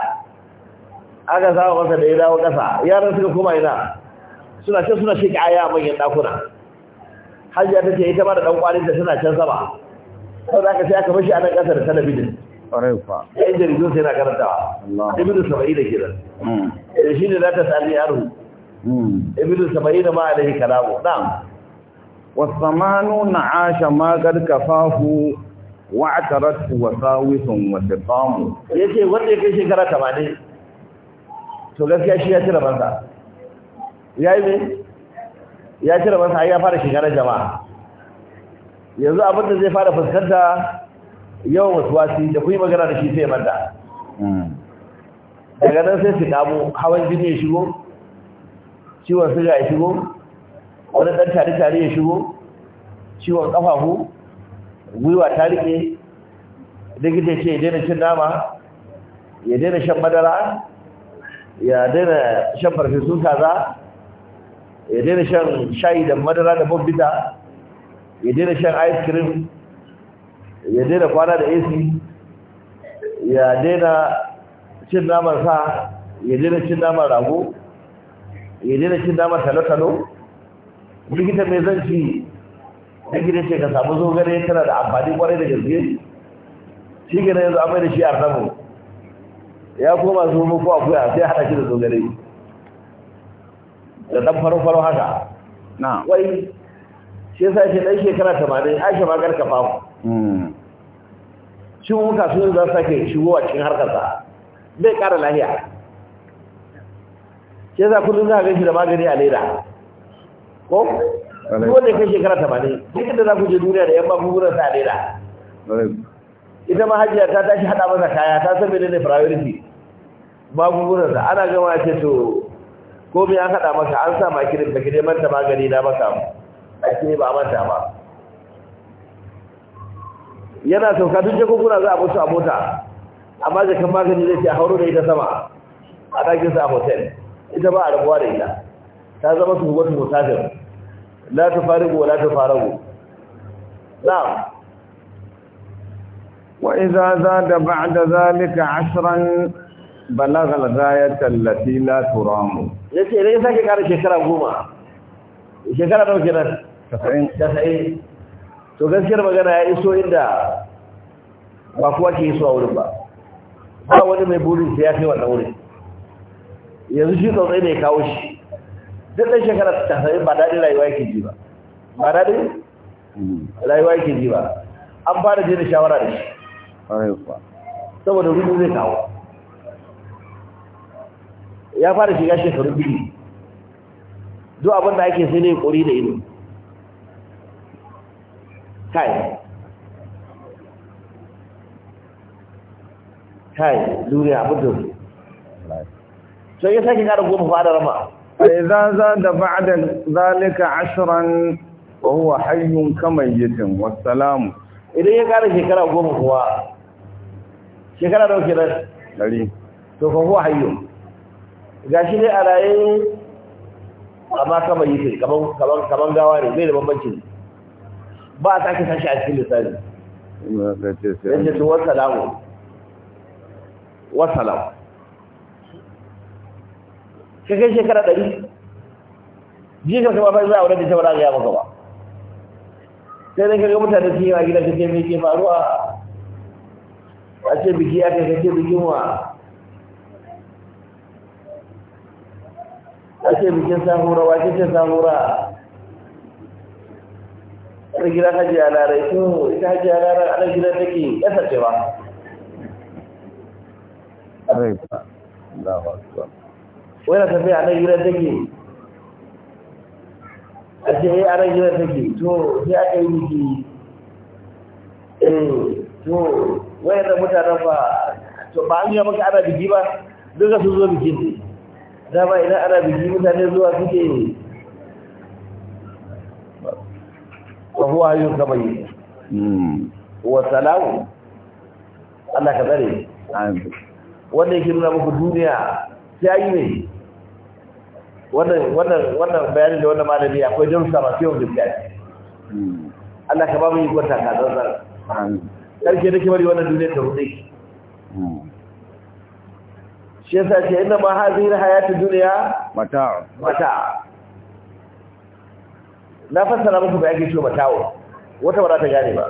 aka sama masa da ya dawo ƙasa yaran suka koma ina suna can suna shi kaya a manyan ɗakuna Hajiya ta ce ita ma da ɗan ƙwarin da suna can sama sau da aka sai aka mashi a nan ƙasa da talabijin yi jaridun sai na karantawa ibn saba'i da kiran da mm. eh, shi ne za ta sami yaro Hmm. ibnu sabaina ma alaihi kalamu na'am wasamanu na'asha ma kad kafahu wa atarat wasawisun wa tiqamu yace wanda yake shekara 80 to gaskiya shi ya cire banza yayi ne ya tira banza ai ya fara shekara jama'a yanzu abinda zai fara fuskanta yawan waswasi da kuyi magana da shi sai manta hmm. daga nan sai su kamo hawan jini ya shigo ciwon suga ya shigo wani ɗan tare-tare ya shigo ciwon ƙafafu gwiwa ta riƙe likita ce ya daina cin nama ya daina shan madara ya daina shan farfesun kaza ya daina shan shayi da madara da bombita ya daina shan ice cream ya daina kwana da ac ya daina cin naman sa ya daina cin naman rago ya daina cin nama talo-talo likita mai zan ci na gidan ce ka samu zogale tana da amfani kwarai da gaske shi gina yanzu amai da shi a samu ya koma su mu kuwa kuwa sai hada shi da zogale da dan faro-faro haka wai shi sa shi dan shekara tamanin aisha magar kafa hmm. shi muka kasuwar za su sake shigo a cikin harkarsa bai ƙara lahiya shi yasa kullum za a gashi da magani a leda ko wanda kai shekara tamanin duk inda za ku je duniya da yan magungunan sa a leda ita ma hajiya ta tashi hada masa kaya ta san menene priority magungunan sa ana gama ce to ko me an hada maka an sa maki da kire manta magani na maka ce ba manta ba yana sauka duk jakokuna za a musu a mota amma jakan magani zai ce a hauro da ita sama a ɗakin sa a hotel ita ba a rabuwa da ita ta zama su hubatu musafir la ta farigo la ta farago na'am wa idza zada ba'da zalika ashran balagha al-ghayata allati la turamu yace idan sake kara shekara goma shekara nawa kenan 90 to gaskiyar magana ya iso inda ba kuwa ke iso a wurin ba ba wani mai burin sai ya kai wannan wurin yanzu shi tsotsai ne ya kawo shi duk ɗan shekara ta sami ba daɗin rayuwa yake ji ba ba daɗin rayuwa yake ji ba an fara jini shawara da shi saboda rudu zai kawo ya fara shiga shekaru biyu duk abin da ake sai ne ƙuri da ido kai kai duniya abin da sai ya sake kara goma fara rama فإذا زاد zalika ashirin عشرا وهو kama yitin wasalamu? idan ya kara shekara goma kuwa shekara dauke da dari to fa huwa hayyu gashi dai a raye amma kama yi sai kaman kaman kaman gawa ne bai da bambanci ba a sake sashi a cikin lissafi yace to wasalamu. wassalamu ka kai shekara ɗari jikar ka ba fa za a wadda ta ba za a gaya maka ba sai dai kaga mutane su yi a gida kake mai ke faruwa a ce biki aka kake bikin wa a ce bikin samura wa kake samura har gidan hajji a larai to ita hajji a larai ana gidan take ƙasa ce ba. Allah wani tafiya nan gidan take a ce yi eh, a nan gidan take to sai aka yi miki eh, to wani da mutanen ba to ba an yi maka ana biki ba duka sun zo bikin ne ba idan ana biki mutane zuwa suke wahuwa yin kama yi hmm. wa salamu Allah ka zare wanda yake nuna muku duniya ta yi ne wannan wannan wannan bayanin da wannan malami akwai darussa fiye da gaskiya Allah ka ba mu ikon taka zanzan karke da bari wannan duniya ta rufe. Hmm. shi yasa ce inna ma hazir hayatu dunya mata mata na fassara muku da ake cewa matawo wata ba za ta gane ba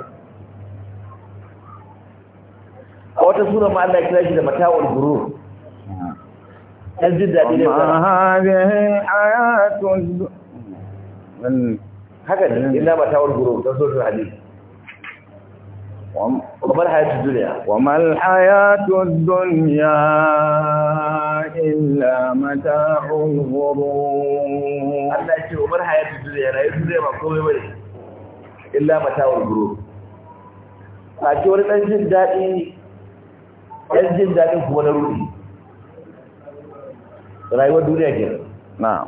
a wata sura ma Allah ya kira shi da mata'ul gurur Wamal hmm. hayatu dunya illa mata ulhuru. Allah ce, Wamal hayatu dunya rayu zai ba kome bane, illa mata ulhuru. A ce wani ɗan jin daɗi, ɗan daɗin kuma na ruri. rayuwar duniya ke na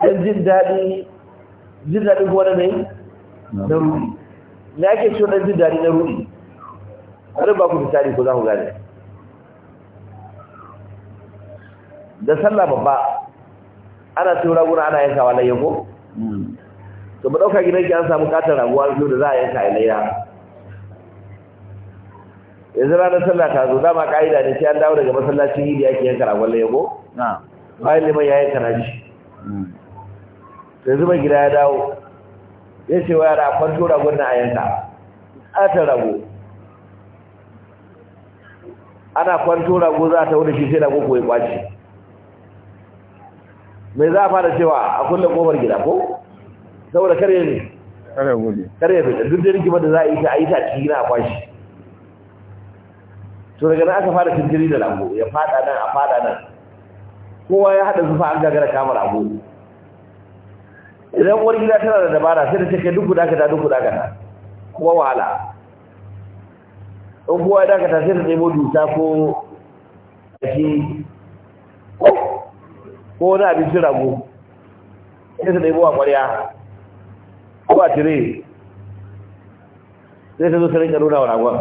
ɗan jin daɗi jin daɗi kuma na nai na ruɗi me ake ciwo ɗan jin daɗi na ruɗi har ba ku misali ko za ku gane da sallah babba ana tura gura ana yanka na yanko mm. to mu ɗauka gidan ki an samu katon raguwa biyu da za a yanka a laira yanzu ranar sallah ta zo dama ƙa'ida ne sai an dawo daga masallacin da yake yanka ragon laira ko bayan liman ya yi karaji da zuba gida ya dawo ya ce wa yara kwanto ragon na a ta rago ana kwanto rago za ta wuce shi sai rago ko ya kwace mai za a fara cewa a kulle kofar gida ko saboda karye ne karye fita duk da rigimar da za a yi ta a yi ta ciki na kwashi to daga nan aka fara tuntuni da rago ya fada nan a fada nan kowa ya haɗa zufa an gagara kamar abu idan wani gida tana da dabara sai da ta kai duku dakata duku dakata kowa kuma wahala in kowa ya dakata sai da nemo dusa ko kashi ko wani abinci rago sai ta nemo a ƙwarya ko a tire sai ta zo ta rinka nuna wa ragon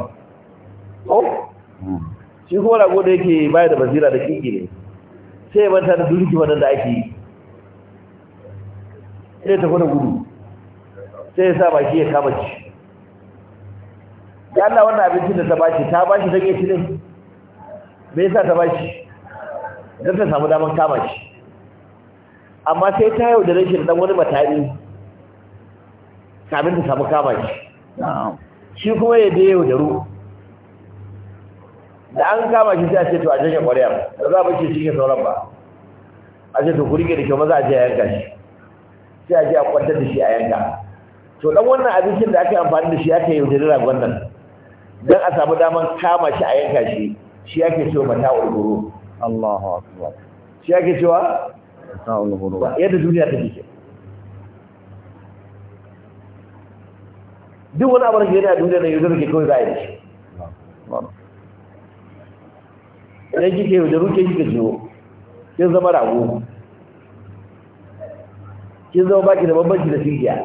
shi kuma rago da yake baya da basira da kiki ne sai ya manta da duniki wannan da ake yi sai ta kwada gudu sai ya sa baki ya kama ci ya Allah wannan abincin da ta bashi ta bashi shi ya ci ne me yasa ta bashi don ta samu damar kama shi amma sai ta yau da rashi da wani matari kamin ta samu kama shi shi kuma ya da yau da ruwa da an kama shi sai a ce to a janye ƙwarya da za mu ce shi ke sauran ba a ce to ku rike da kyau maza a je a yanka shi sai a je a kwantar da shi a yanka to dan wannan abincin da aka yi amfani da shi aka yi wajen ragon nan dan a samu daman kama shi a yanka shi shi ake cewa mata ulguru Allahu akbar shi ake cewa mata'ul ba. yadda duniya ta ke duk wani abu da ke yana duniya na yanzu da ke kawai za a yi shi sai kike da ruke kike jiwo kin zama rago kin zama baki da babbanci da sigiya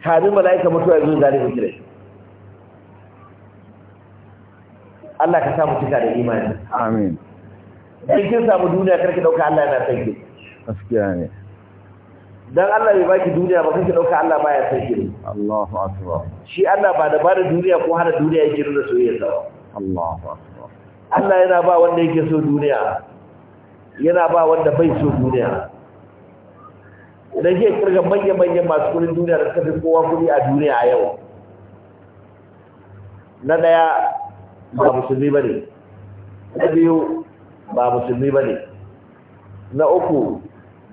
kamin mala'ika mutuwa yanzu zare ku shi, Allah ka samu cika da imani amin kin samu duniya karki dauka Allah yana sanke gaskiya ne dan Allah bai baki duniya ba kake dauka Allah baya san shi Allahu akbar shi Allah ba da bada duniya ko hana duniya yake nuna soyayya ba Allahu akbar Allah yana ba wanda yake so duniya yana ba wanda bai so duniya idan ke kirga manya manya masu kudin duniya da kafin fi kowa kudi a duniya a yau na daya ba musulmi ba ne na biyu ba musulmi ba ne na uku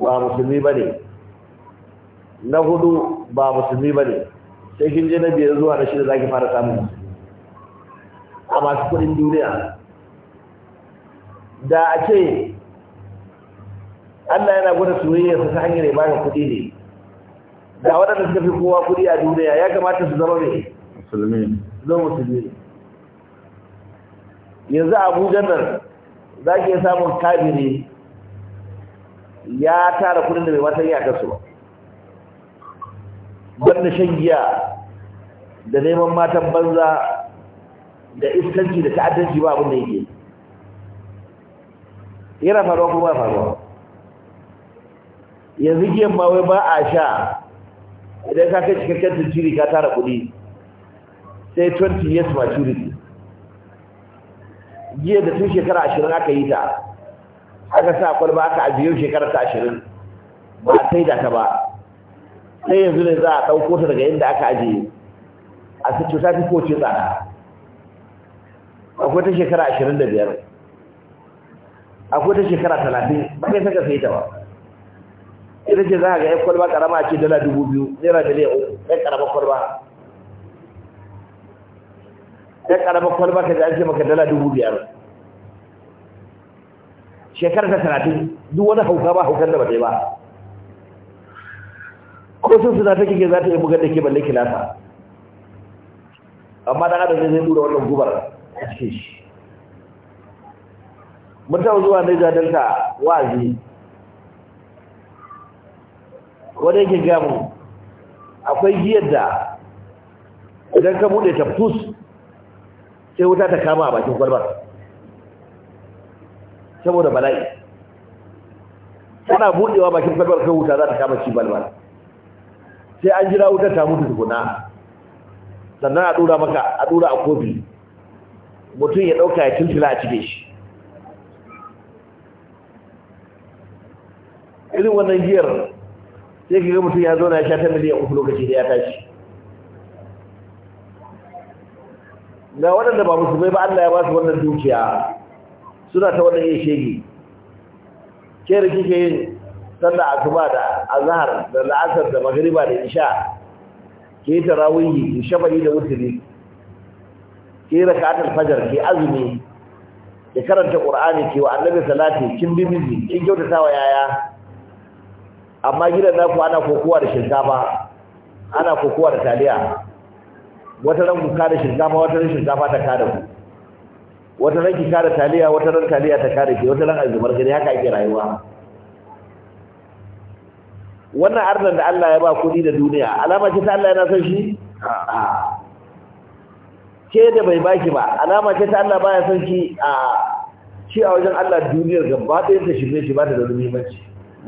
ba musulmi ba ne na hudu ba musulmi ba ne sai kin je na biyar zuwa na shida zaki fara samun a masu kudin duniya da a ce Allah yana gwada soyayya ta hanyar ya baka kudi ne da waɗanda suka fi kowa kudi a duniya ya kamata su zama ne musulmi zama musulmi yanzu abuja nan za ki samun kabiri ya tara kudin da bai matan yi a kasuwa ba banda shan giya da neman matan banza da iskanci da ta'addanci ba abin da yake yana faruwa ko ba faruwa yanzu giyan ma wai ba a sha idan ka kai cikakken tunturi ka tara kuɗi sai 20 years maturity giya da tun shekara ashirin aka yi ta aka sa kwalba aka ajiye shekara ta ashirin ba a sai da ta ba sai yanzu ne za a ɗauko ta daga inda aka ajiye a su cuta ta koce tsada akwai ta shekara ashirin da biyar akwai ta shekara talatin ba kai saka sai ta ba ita ce za a ga yan kwalba karama ce dala dubu biyu naira miliyan uku yan karama kwalba yan karama kwalba ka ji an ce maka dala dubu biyar shekara ta talatin duk wani hauka ba haukar da ba ta yi ba ko sun suna ta kike za ta yi bugar da ke balle kilasa amma dan adam ne zai dura wannan gubar a cikin shi mun taɓa zuwa ne jadanta wa'azi wanda yake gamu akwai giyar da idan ka buɗe ta fus sai wuta ta kama a bakin kwalbar saboda bala'i tana buɗewa bakin kwalbar kan wuta za ta kama ci balbal sai an jira wutar ta mutu tukuna sannan a dora maka a dora a kofi mutum ya dauka ya tuntula a cike shi irin wannan giyar sai ka ga mutum ya zauna ya sha ta miliyan uku lokaci da ya tashi ga waɗanda ba musulmai ba Allah ya ba su wannan dukiya suna ta wannan yin shege ke da kike yin sallar asuba da azhar da la'asar da magriba da isha ke tarawihi ki shafa'i da wutri ke rak'atul fajr ke azumi ki karanta qur'ani ki wa annabi salati kin bi miji kin kyautata wa yaya amma gidan naku ana kokowa da shinkafa ana kokowa da taliya wata ran kuka da shinkafa wata ran shinkafa ta kada ku wata ran ki kada taliya wata ran taliya ta kada ki wata ran azumar gari haka ake rayuwa wannan arnan da Allah ya ba kuɗi da duniya alama ce ta Allah yana son shi ke da bai baki ba alama ce ta Allah baya son shi a ci a wajen Allah duniyar gaba ɗaya ta shirye shi ba ta da muhimmanci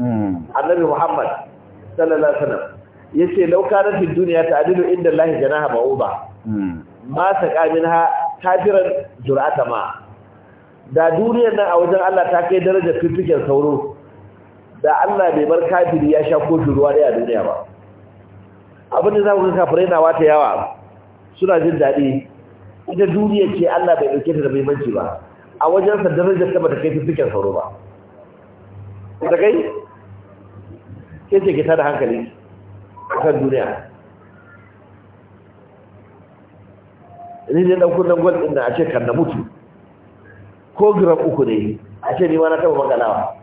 hmm. annabi Muhammad sallallahu alaihi wasallam yace law kanat ad-dunya ta'dilu inda Allah janaha ba'uda hmm. ma saqa minha kafiran jur'ata ma da duniyar nan a wajen Allah ta kai darajar fifikin sauro da Allah bai bar kafiri ya sha kofin ruwa da a duniya ba abin da za ku ga kafirai na wata yawa suna jin daɗi ita duniya ce Allah bai ɗauke ta da muhimmanci ba a wajen sa darajar ta bata kai ta cikin sauro ba ta kai ke ce kita da hankali a kan duniya ni ne ɗan kunnen gwal ɗin da a ce kan na mutu ko gram uku ne a ce ni ma na taɓa maganawa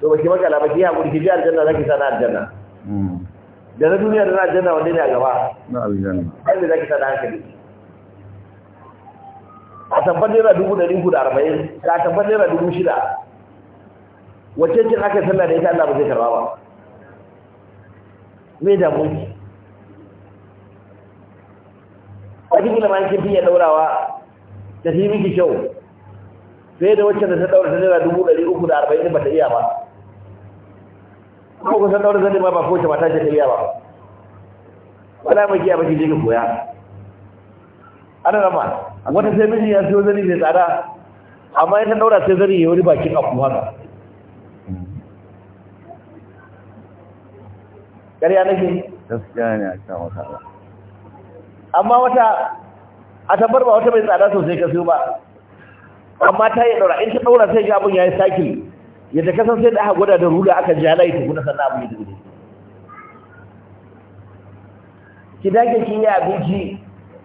to ba shi makala ba shi ya gurki ji aljanna zaki sana aljanna hmm. da na duniya da na aljanna wanda ne a gaba na aljanna wanda zaki sana hankali a tabbar naira dubu ɗari uku da arba'in ka tabbar naira dubu shida wacce cin aka sallah da ita Allah ba zai karba ba me da mu wata kila ma kin fiye daurawa ta fi miki kyau sai da wacce da ta daura ta naira dubu ɗari uku da arba'in ba ta iya ba kuma kusan daura zane ma ba ko ta mata ce ta ba wala mai a ba ki je koya ana rama wata sai miji ya siyo zani mai tsada amma san daura sai zani ya wani bakin abu haka ƙarya nake gaskiya ne a kan wata ba. amma wata a tabbar ba wata mai tsada sosai ka siyo ba amma ta yi daura in ta daura sai ga ya yi sakin. yadda kasan sai da aka gwada da rula aka ja layi ta guda sannan abu ya dubu ki dage ki yi abinci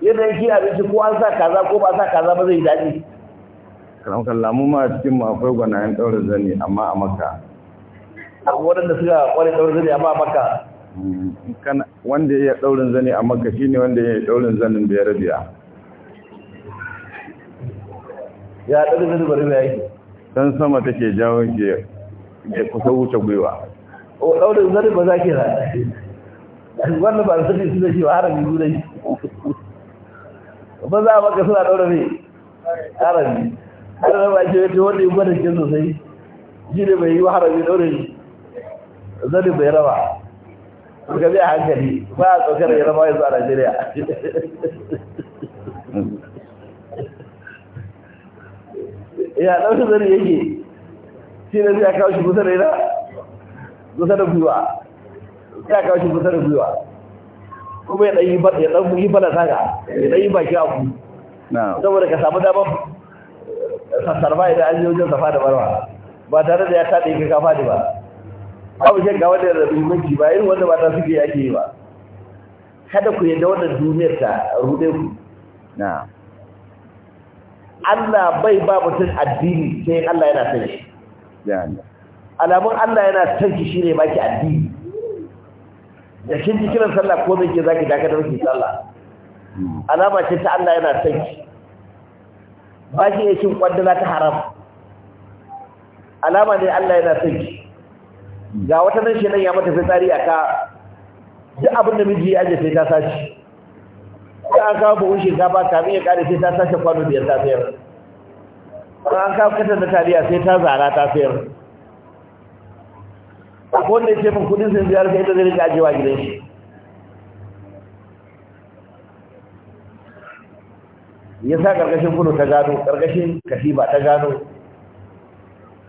yadda yake abinci ko an sa kaza ko ba sa kaza ba zai daɗi karamkan lamu ma cikin mu akwai gwanayen ɗaura zani amma a maka akwai waɗanda suka kware ɗaura zani amma a maka mm, wanda ya ɗaurin zani a maka shine wanda ya ɗaurin zanin biyar biya ya ɗaurin zani bari ba yake dan sama take jawo ke ke kusa wuce gwiwa o daurin zari ba za ke ra wannan ba sai su da shi ba harami guda ba za maka suna daura ne harami har ba ke ce wanda wani gwada ke sosai shi ne bai yi harami daura ne zari bai raba ga bi a hankali ba a tsokar ya raba yanzu a Najeriya ya ɗauki zari yake shi ne zai kawo shi kusa da ina kusa da gwiwa ya kawo shi kusa da gwiwa kuma ya ɗan yi bala saka ya ɗan yi baki abu saboda ka samu damar sassarfa idan an yi wajen safa da barwa ba tare da ya kaɗe ka kafa ne ba abu shan ga wanda da manki ba irin wanda mata suke yake yi ba kada ku yadda wannan duniyar ta rude ku Allah bai ba mutum addini sai Allah yana san shi alamun Allah yana san shi shine baki addini da kin ji kiran sallah ko zai ke zaki dakatar ki sallah hmm. alama ce ta Allah yana san shi. ba ki iya kwaddala ta haram alama ne Allah yana san shi. ga wata nan shi nan ya mata fitsari aka duk abin da miji ya aje sai ta sace Sai an kawo buhun shinkafa kafin ya kare sai ta sace kwano biyar ta sayar ko an kawo kasar da taliya sai ta zara ta sayar ko wanda ya ce min kudin sun ziyar sai ta zai rika ajiyewa gidan shi ya sa ƙarƙashin kudu ta gano ƙarƙashin katiba ta gano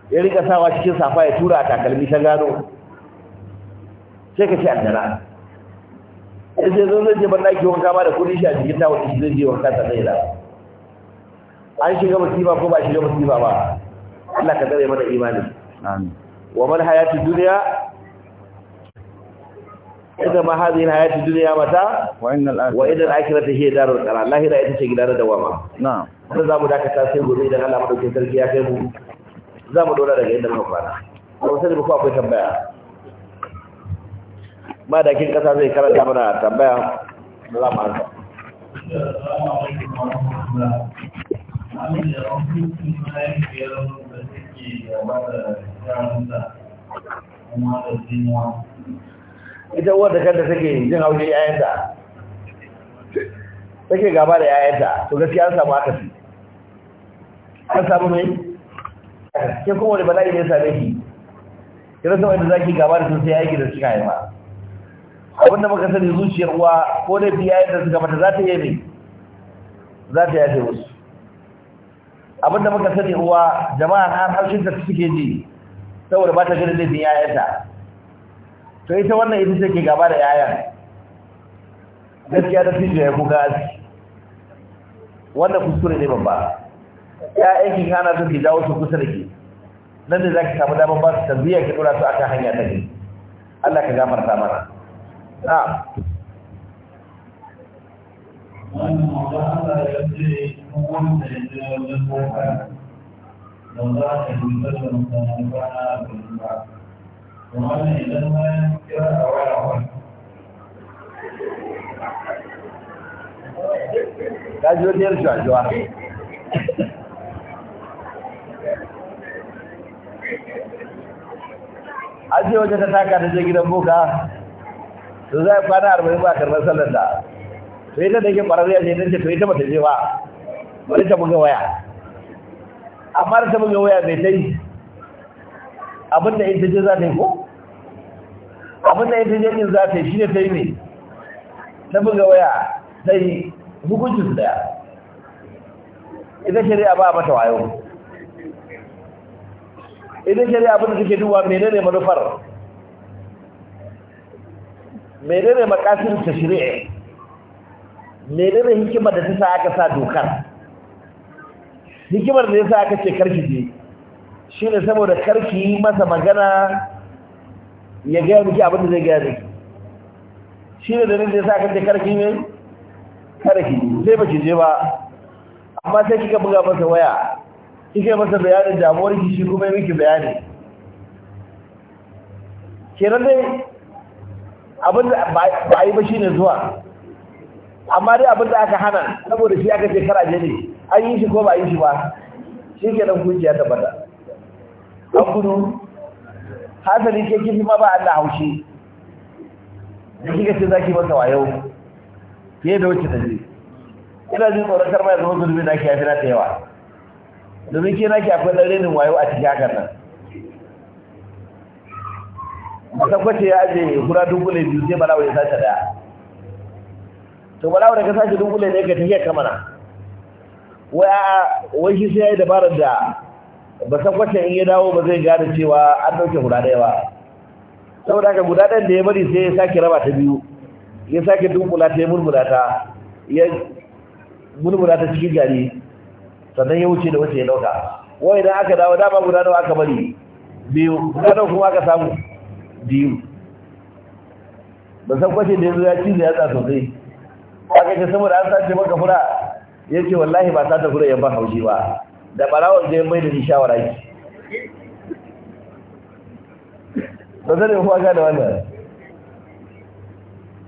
ya rika sawa cikin safa ya tura a takalmi ta gano sai ka ce addara in sai zo zai je ban daki wanka ma da kudi shi a cikin tawon shi zai je wanka ta zai da an shiga musiba ko ba shiga musiba ba Allah ka tsare mana imani amin wa mal hayatu dunya idan ma hadhihi hayatu dunya mata wa innal akhirah wa idan akhiratu hiya darul qarar lahira ita ce gidan dawama na'am sai zamu dakata sai gobe idan Allah dauke sarki ya kai mu zamu dora daga inda muka fara ko sai mu ko akwai tambaya madakin kasa zai karanta mana tambaya da za mu ansa ita uwar da kanta take jin haushin yayanta take gaba da yayanta to gaskiya an samu fi. an samu mai ke kuma wani bala'i ne same ki kira sama da zaki gaba da sun sai aiki da suka haifa abinda muka sani zuciyar uwa ko da biya yadda suka mata za ta yi ne za ta yi wasu abinda muka sani uwa jama'a har harshen ta suke ji saboda ba ta ganin laifin yayanta to ita wannan ita ce ke gaba da yayan gaskiya da fi ya kuka gasi Wanda kuskure ne babba ya'yan ki kana sun ke jawo su kusa da ke nan da za ki samu damar ba su tarbiyya ki dora su a kan hanya ta ne Allah ka gafarta mana na'am wannan wanda ya wajen boka don za a yi a ta taka ta je gidan su za a kwana arba'in ba karɓar sallar da to ita da yake ƙwararriya ce ce to ita ba ta je ba Wani ta buga waya amma da ta buga waya bai ta yi abinda ita je za ta yi ko abinda ita je yin za ta yi shi ne ta yi ne ta buga waya ta yi hukuncin daya ita shari'a ba mata wayo ita shari'a abinda take duba menene manufar menene makasir tashri'i menene hikimar da ta sa aka sa dokar hikimar da yasa aka ce karki je shine saboda karki masa magana ya ga miki abin da zai ga shi shine da ne yasa aka ce karki ne karki sai ba ki je ba amma sai kika buga masa waya kike masa bayanin damuwar ki shi kuma miki bayani kenan dai abin da ba yi ba shi ne zuwa amma dai abin da aka hana saboda shi aka shekara ne ne an yi shi ko ba yi shi ba shi ke nan kuciya ta bada an gudu hasali ke kifi ma ba Allah haushi da kika ce ki masa wayo fiye da wacce ta je ina jin tsoron karma ya zama zulmi na ki yafi na ta yawa domin ke na ki akwai ɗan renin wayo a cikin hakan nan kwace ya aje guda dubule biyu sai balawo ya sace daya to balawo da sace dubule ne ka tafiya kamana wai a wai shi sai ya yi dabarar da ba kwace in ya dawo ba zai gane cewa an dauke guda daya ba saboda ka guda ɗan da ya bari sai ya sake raba ta biyu ya sake dubula ta ya murmura ta ya murmura ta cikin gari sannan ya wuce da wace ya dauka wai idan aka dawo dama guda nawa aka bari biyu guda nawa kuma aka samu biyu ba san kwashe da yanzu ya ci zai yasa sosai ka ce saboda an sace maka fura ya ce wallahi ba sata fura yan ba haushi ba da barawar zai mai da ni shawara ki ba san da kuma gane wannan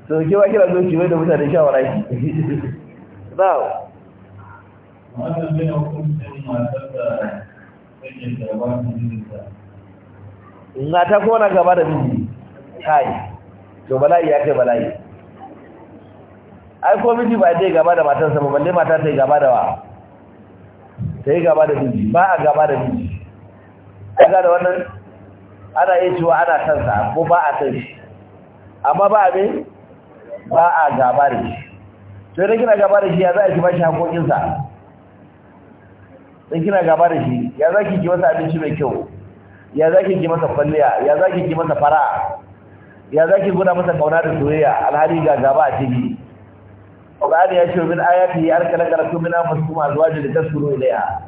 sau ke wa kira doki mai da mutane shawara ki now wannan zai hukunta matar da take da wani mata ta kona gaba da miji kai to bala'i ya kai bala'i ai ko miji ba dai gaba da matarsa ba balle mata ta yi gaba da wa ta yi gaba da miji ba a gaba da miji kaga da wannan ana iya cewa ana kansa ko ba a kai shi amma ba a bai ba a gaba da shi to idan kina gaba da shi ya za a kima shi haƙoƙinsa in kina gaba da shi ya za ki ki abinci mai kyau ya za ki ji masa kwalliya ya za ki ji masa fara ya za ki guna masa kauna da soyayya alhali ga gaba a ciki Qur'ani ya ce min ayati ya arkala karatu min kuma azwajin da tasuru ilayha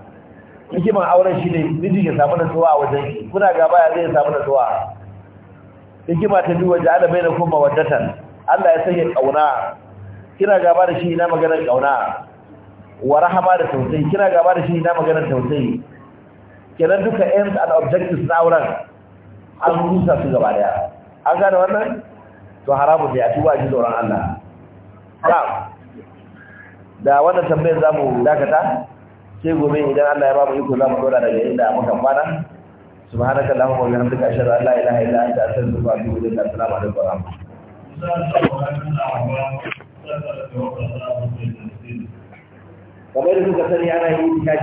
hikiman auren shi ne miji ya samu nasuwa a wajen ki kuna gaba ya zai samu nutsuwa hikima ta biyu wajen ala bai da kuma waddatan Allah ya sanya kauna kina gaba da shi ina maganar kauna wa rahama da tausayi kina gaba da shi ina maganar tausayi kenan duka ends and objectives na auren an rusa su gaba daya an gane wannan to haramu ne a tuba ji tsoron Allah da wannan tambayar mu dakata sai gobe idan Allah ya ba mu iko zamu dora daga inda muka fara subhanaka allahumma wa bihamdika ashhadu an la ilaha illa anta astaghfiruka wa atubu ilayk assalamu alaykum wa rahmatullahi kamar da kuka sani ana yi